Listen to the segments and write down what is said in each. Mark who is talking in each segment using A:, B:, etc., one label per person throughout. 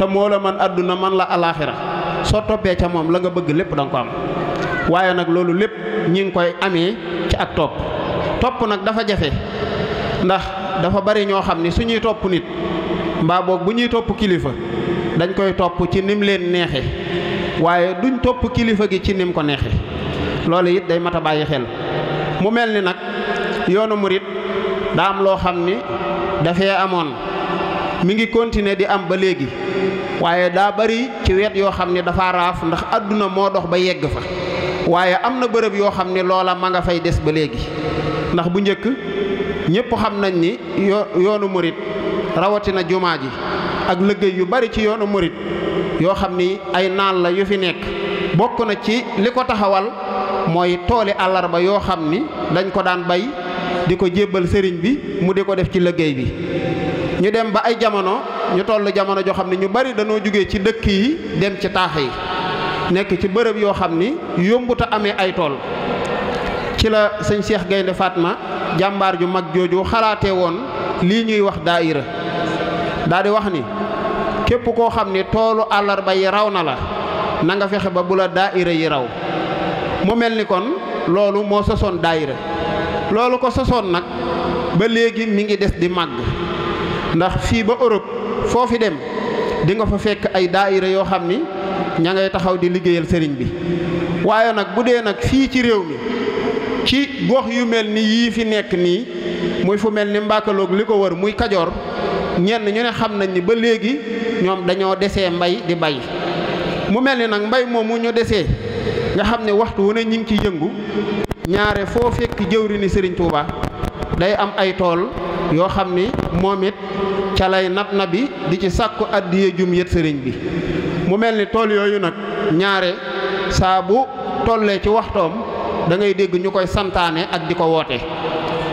A: te moo la man àdduna man la alaaxira soo toppee ca moom la nga bëgg lépp da ko am waaye nag loolu lépp ñi ngi koy amee ci ak topp topp nag dafa jafe ndax dafa bari ñoo xam ni suñuy topp nit mbaa boog bu ñuy topp kilifa dañ koy topp ci nim leen neexe waaye duñ topp kilifa gi ci nim ko neexe loolu it day mat a bàyyi xel mu mel ni nag yoonu murit daa am loo xam ni dafee amoon mi ngi continuer di am ba léegi waaye daa bari ci wet yoo xam ne dafa raaf ndax àdduna moo dox ba yegg fa waaye am na bërëb yoo xam ne loola ma nga fay des ba léegi ndax bu njëkk ñépp xam nañ ni yoonu morit rawatina jumaa ji ak liggéey yu bari ci yoonu murit yoo xam ni ay naan la yu fi nekk bokk na ci li ko taxawal mooy tooli àllarba yoo xam ni dañ ko daan bay di ko jébbal sëriñ bi mu di ko def ci liggéey bi ñu dem ba ay jamono ñu tollu jamono jo xamni ñu bari dañu joggé ci dëkk yi dem ci taax yi nekk ci bërepp yo xamni yombuta amé ay toll ci la señ Cheikh Gaynde Fatma jambar ju mag joju xalaté won li ñuy wax daire, daal di wax ni képp ko xamni tollu alar bay rawna la na nga fexé ba bula daaira yi raw mu melni kon loolu mo son daire, loolu ko sosoon nak ba mi ngi des di mag ndax fii ba Europe foo fi dem dinga fa fekk ay daayira yoo xam ni ña ngay taxaw di liggéeyal sëriñ bi waaye nag bu dee nag fii ci réew mi ci gox yu mel ni yii fi nekk nii muy fu mel ni Mbakaloog li ko wër muy Kajoor ñenn ñu ne xam nañ ni ba léegi ñoom dañoo desee mbay di bay mu mel ni nag mbay moomu ñu desee nga xam ne waxtu wu ne ñu ngi ciy yëngu ñaare foo fekk jëwri ni Sëriñ Tuuba day am ay tool yoo xam ni moom it ca lay nab na bi di ci sàkku addiye jum yët sëriñ bi mu mel ni tool yooyu nag ñaare saa bu tollee ci waxtoom da ngay dégg ñu koy santaane ak di ko woote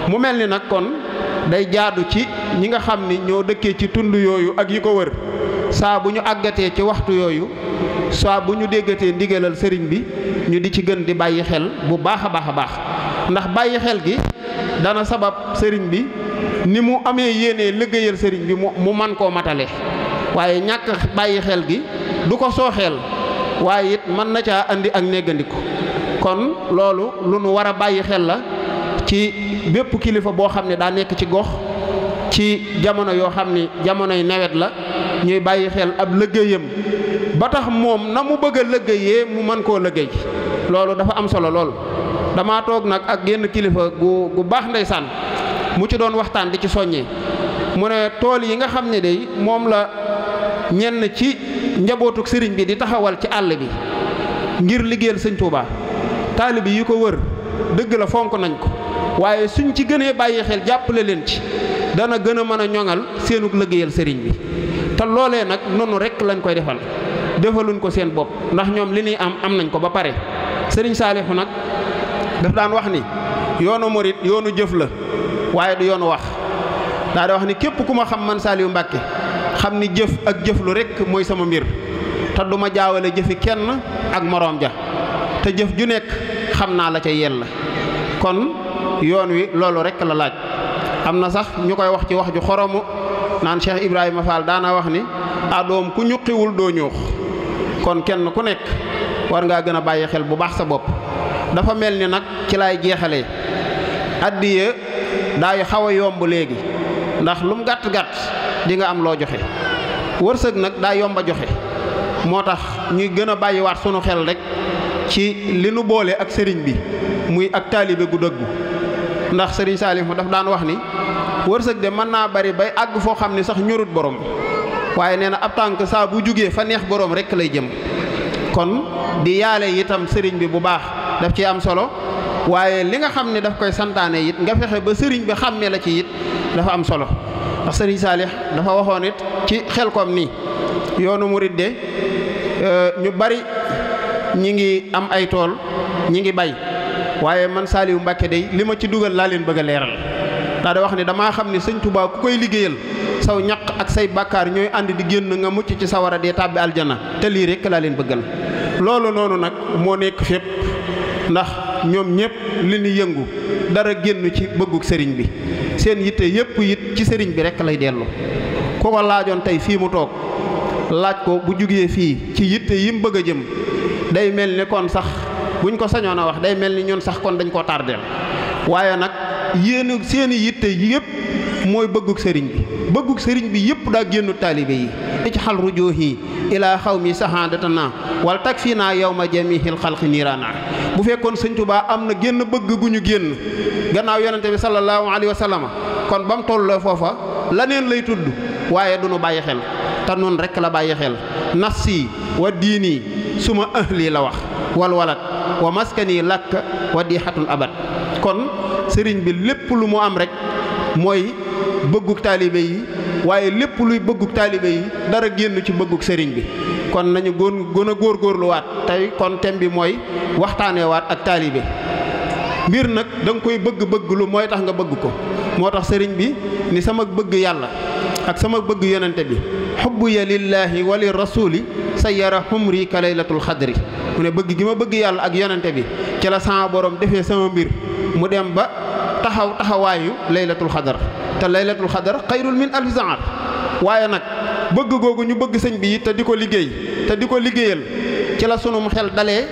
A: mu mel ni nag kon day jaadu ci ñi nga xam ni ñoo dëkkee ci tund yooyu ak yi ko wër saa bu ñu àggatee ci waxtu yooyu saa bu ñu déggatee ndigalal sëriñ bi ñu di ci gën di bàyyi xel bu baax a baax a baax ndax bàyyi xel gi dana sabab sëriñ bi ni mu amee yéenee liggéeyal sëriñ bi mu man koo matale waaye ñàkk bàyyi xel gi du ko sooxeel waaye it mën na caa andi ak néggandiku kon loolu lu nu war a bàyyi xel la ci bépp kilifa boo xam ne daa nekk ci gox ci jamono yoo xam ni jamonoy nawet la ñuy bàyyi xel ab liggéeyam ba tax moom na mu bëgg a liggéeyee mu mën koo liggéey loolu dafa am solo lool damaa toog nag ak génn kilifa gu gu baax ndeysaan mu ci doon waxtaan di ci soññee mu ne tool yi nga xam ne day moom la ñenn ci njabootuk sëriñ bi di taxawal ci àll bi ngir liggéeyal sëñ Touba taalibe yi ko wër dëgg la fonk nañ ko waaye suñ ci gënee bàyyi xel jàppale leen ci dana gën a mën a ñoŋal seenug liggéeyal sëriñ bi te loolee nag noonu rek lañ koy defal defaluñ ko seen bopp ndax ñoom li ñuy am am nañ ko ba pare sëriñ Saalihu nag daf daan wax ni yoonu murit yoonu jëf la waaye du yoonu wax daa di wax ni képp ku ma xam man Saliou Mbacke xam ni jëf ak jëflu rekk mooy sama mbir te du ma jaawale jëfi kenn ak moroom ja te jëf ju nekk xam naa la ca la kon yoon wi loolu rek la laaj am na sax ñu koy wax ci wax ju xoromu naan Cheikh Ibrahima Fall daana wax ni adoom ku ñuqiwul doo ñuux kon kenn ku nekk war ngaa gën a bàyyi xel bu baax sa bopp dafa mel ni nag ci laay jeexalee addiye daay xaw a yomb léegi ndax lum gàtt gàtt di nga am loo joxe wërsëg nag daa yomb a joxe moo tax ñuy gën a bàyyiwaat sunu xel rek ci li nu boole ak sëriñ bi muy ak taalibe bu dëggu ndax sëriñ Saalif ma daf daan wax ni wërsëg de mën naa bari bay àgg foo xam ne sax ñorut borom waaye nee na ab tànk saa bu jugee fa neex borom rek lay jëm kon di yaale itam sëriñ bi bu baax. dafa ci am solo waaye li nga xam ne daf koy santaane it nga fexe ba sëriñ bi xàmmee la ci it dafa am solo ndax sëriñ Saalix dafa waxoon it ci xel kom nii yoonu murit de euh, ñu bari ñi ngi am ay tool ñi ngi bay waaye man Saliou Mbacke day li ma ci dugal laa leen bëgg a leeral daa wax ne damaa xam ne sëñ tubaab ku koy liggéeyal saw ñaq ak say bàkkaar ñooy ànd di génn nga mucc ci sawara dee tàbbi aljana te lii rek laa leen bëggal loolu noonu nag ndax ñoom ñëpp li ñu yëngu dara génn ci bëggug sëriñ bi seen yitte yëpp it ci sëriñ bi rekk lay dellu ku ko laajoon tey fii mu toog laaj ko bu jugee fii ci yitte yi mu bëgg a jëm day mel ni kon sax buñ ko sañoon a wax day mel ni ñun sax kon dañ koo tardeel waaye nag yéen seeni yitte yëpp mooy bëggug sëriñ bi bëggug sëriñ bi yëpp daa génn taalibe yi ijxal rujuhi ilaa xaw mi sahadatana wal tak fii naa yow ma jamihil xalqi niiraana bu fekkoon sëñ Tuubaa am na génn bëgg gu ñu génn gannaaw yonente bi sallallahu alayhi wa sallam kon ba mu tolloo foofa laneen lay tudd waaye du nu bàyyi xel te noonu rekk la bàyyi xel nafsi wa diini suma ahli la wax wal walat wa maskani lakk wa diixatul abad kon sëriñ bi lépp lu mu am rek mooy bëggu taalibe yi waaye lépp luy bëggu taalibe yi dara génn ci bëgguk sëriñ bi kon nañu gën gën a góorluwaat tey kon thème bi mooy waxtaanewaat ak taalibe mbir nag da koy bëgg bëgg lu mooy tax nga bëgg ko moo tax sëriñ bi ni sama bëgg yàlla ak sama bëgg yonente bi xubbu ya lillaahi wa li rasuli sa yara xumri ka laylatul xadri mu ne bëgg gi ma bëgg yàlla ak yonente bi ci la sama borom defee sama mbir mu dem ba taxaw taxawaayu laylatul xadar te laylatul xadar xayrul min alfi zaar waaye nag bëgg googu ñu bëgg sëñ bi te di ko liggéey te di ko liggéeyal ci la sunum xel dalee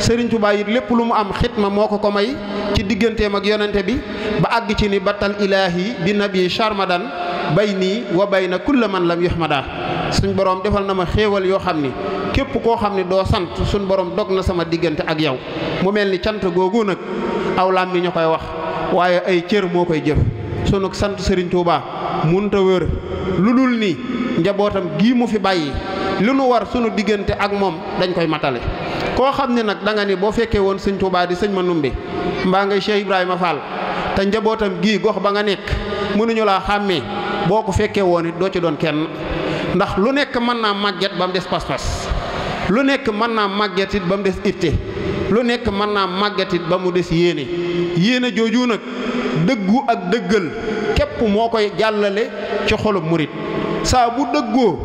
A: Sëriñ Tuubaa it lépp lu mu am xitma moo ko ko may ci digganteem ak yonente bi ba àgg ci ni battal ilaahi bi nabi charmadan bay nii wa bay na kulla man lam yuhmada suñ borom defal na ma xéewal yoo xam ni képp koo xam ne doo sant suñ borom dog na sama diggante ak yow mu mel ni cant googu nag aw làmmiñ ñu koy wax waaye ay cër moo koy jëf sunu sant sëriñ Touba munta wër lu dul ni njabootam gii mu fi bàyyi lu nu war sunu diggante ak moom dañ koy matale koo xam ne nag da nga ni boo fekkee woon sëñ di sëñ ma Manoumbe mbaa ngay Cheikh Ibrahima Fall te njabootam gii gox ba nga nekk mënuñu laa xàmmee boo ko fekkee woon it doo ci doon kenn ndax lu nekk mën naa màgget ba mu des pas-pas lu nekk mën naa màgget ba mu des itte lu nekk mën naa màggatit ba mu des yéene yéene jooju nag dëggu ak dëggal képp moo koy jàllale ci xolub murit saa bu dëggoo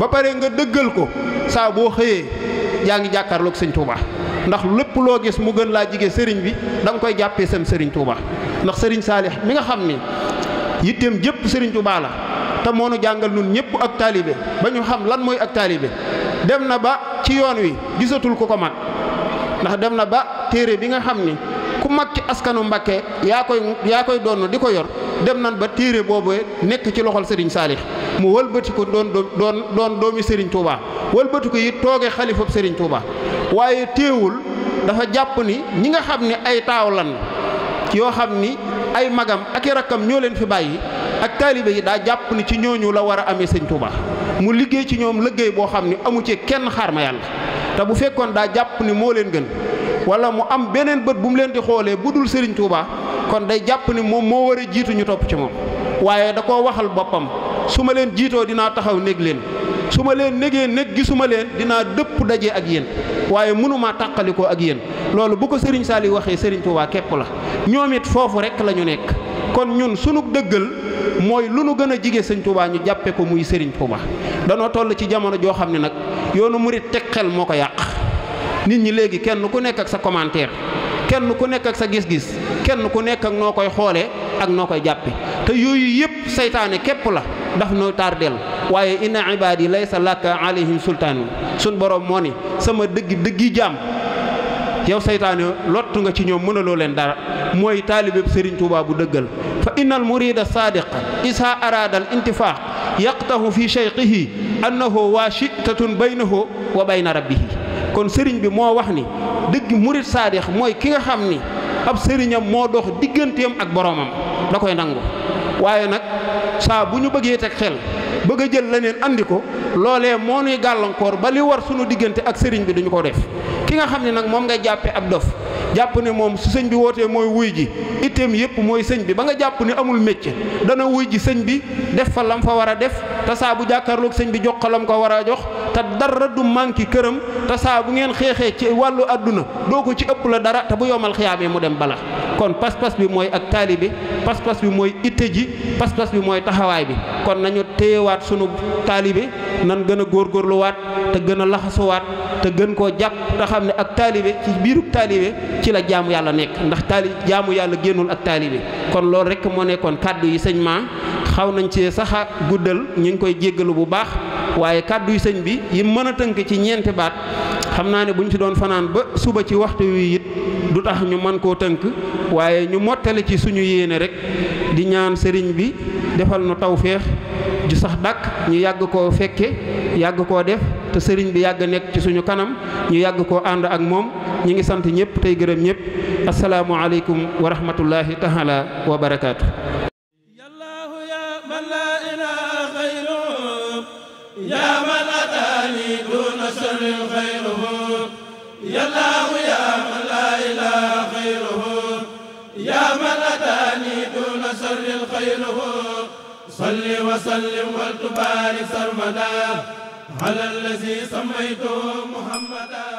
A: ba pare nga dëggal ko saa boo xëyee yaa ngi jàkkaarloog sëñ Touba ndax lépp loo gis mu gën laa jige sëriñ bi danga koy jàppee sam sëriñ Touba ndax sëriñ Saalix mi nga xam ni yitteem jëpp sëriñ Touba la te moo nu jàngal nun ñëpp ak taalibe ba ñu xam lan mooy ak taalibe dem na ba ci yoon wi gisatul ko ko mag ndax dem na ba téere bi nga xam ni ku mag ci askanu mbake yaa koy yaa koy doon di ko yor dem nan ba téere boobu nekk ci loxol Serigne Salih mu wëlbati ko doon doon doon doomi Serigne Touba wëlbati ko yi toogee xalifab Serigne Touba waaye téewul dafa jàpp ni ñi nga xam ni ay taaw lan yoo xam ni ay magam ak rakam ñoo leen fi bàyyi ak taalibe yi daa jàpp ni ci ñooñu la war a amee Serigne Touba mu liggéey ci ñoom liggéey boo xam ni amu ci kenn xaar ma yàlla. te bu fekkoon daa jàpp ni moo leen gën wala mu am beneen bët bu mu leen di xoolee bu dul Serigne Touba kon day jàpp ni moom moo war a ñu topp ci moom waaye da koo waxal boppam su ma leen jiitoo dinaa taxaw néeg leen su ma leen négee nég gi su leen dinaa dëpp daje ak yéen waaye mënumaa tàqalikoo ak yéen loolu bu ko Serigne Saliou waxee Serigne Touba képp la ñoom it foofu rek la ñu nekk. kon ñun sunu dëggal mooy lu nu gën a jige sañ Touba ñu jàppe ko muy sëriñ Touba danoo toll ci jamono joo xam ne nag yoonu murit teg xel moo ko yàq nit ñi léegi kenn ku nekk ak sa commentaire kenn ku nekk ak sa gis-gis kenn ku nekk ak noo koy xoolee ak noo koy jàppe te yooyu yëpp seytaane képp la daf noo tardeel waaye inna ibaadi sa laka alayhim sultaanun suñ boroom moo ni sama dëgg dëggi jaam yow seytaane lottu nga ci ñoom mënaloo leen dara mooy taalibeb sëriñ Touba bu dëggal fa innal murida sadiq isa arada al intifaq yaqtahu fi cheyqihi annahu waashitatun baynahu wa bayna rabbihi kon sëriñ bi moo wax ni dëgg murid saadix mooy ki nga xam ni ab sëriñam moo dox digganteem ak boroomam da koy nangu waaye nag saa bu ñu bëggee teg xel bëgg a jël leneen andi ko loolee moo nuy gàllankoor ba war sunu diggante ak sëriñ bi duñu ko def ki nga xam ne nag moom nga jàppe ab dof jàpp ne moom su sëñ bi wootee mooy wuy ji itteem yépp mooy sëñ bi ba nga jàpp ni amul métier dana wuy ji sëñ bi def fa lam fa war a def te saa bu jàkkaarloog sëñ bi jox ko lam ko war a jox te dara du manqué këram te bu ngeen xeexee ci wàllu àdduna doo ko ci ëpp la dara te bu yomal xiyaamee mu dem bala kon pas-pas bi mooy ak taalibe pas-pas bi mooy itte ji pas-pas bi mooy taxawaay bi kon nañu téyewaat sunu taalibe nan gën a góorluwaat te gën a laxasuwaat te gën koo jàpp te xam ne ak taalibe ci biirug taalibe ci la jaamu yàlla nekk ndax taali jaamu yàlla génnul ak taalibe kon loolu rek moo nekkoon kàddu yi sëñ ma xaw nañ ci saxaa guddal ñu ngi koy jéggalu bu baax waaye kàddu yi sëñ bi yi mën a tënk ci ñeenti baat xamna ne buñ ci doon fanan ba suba ci waxtu wi it du tax ñu man ko teunk waye ñu motale ci suñu yene rek di ñaan sëriñ bi defal nu tawfiix ju sax dak ñu yag ko fekke yag ko def te sëriñ bi yag nek ci suñu kanam ñu yag ko and ak mom ñi ngi sant ñepp tay gërëm ñepp assalamu alaykum wa rahmatullahi taala wa barakatuh Ya malatani ya ku يا الله يا من لا إله غيره يا من أتاني دون شر خيره صل وسلم وتبارك سرمدا على الذي سميته محمدا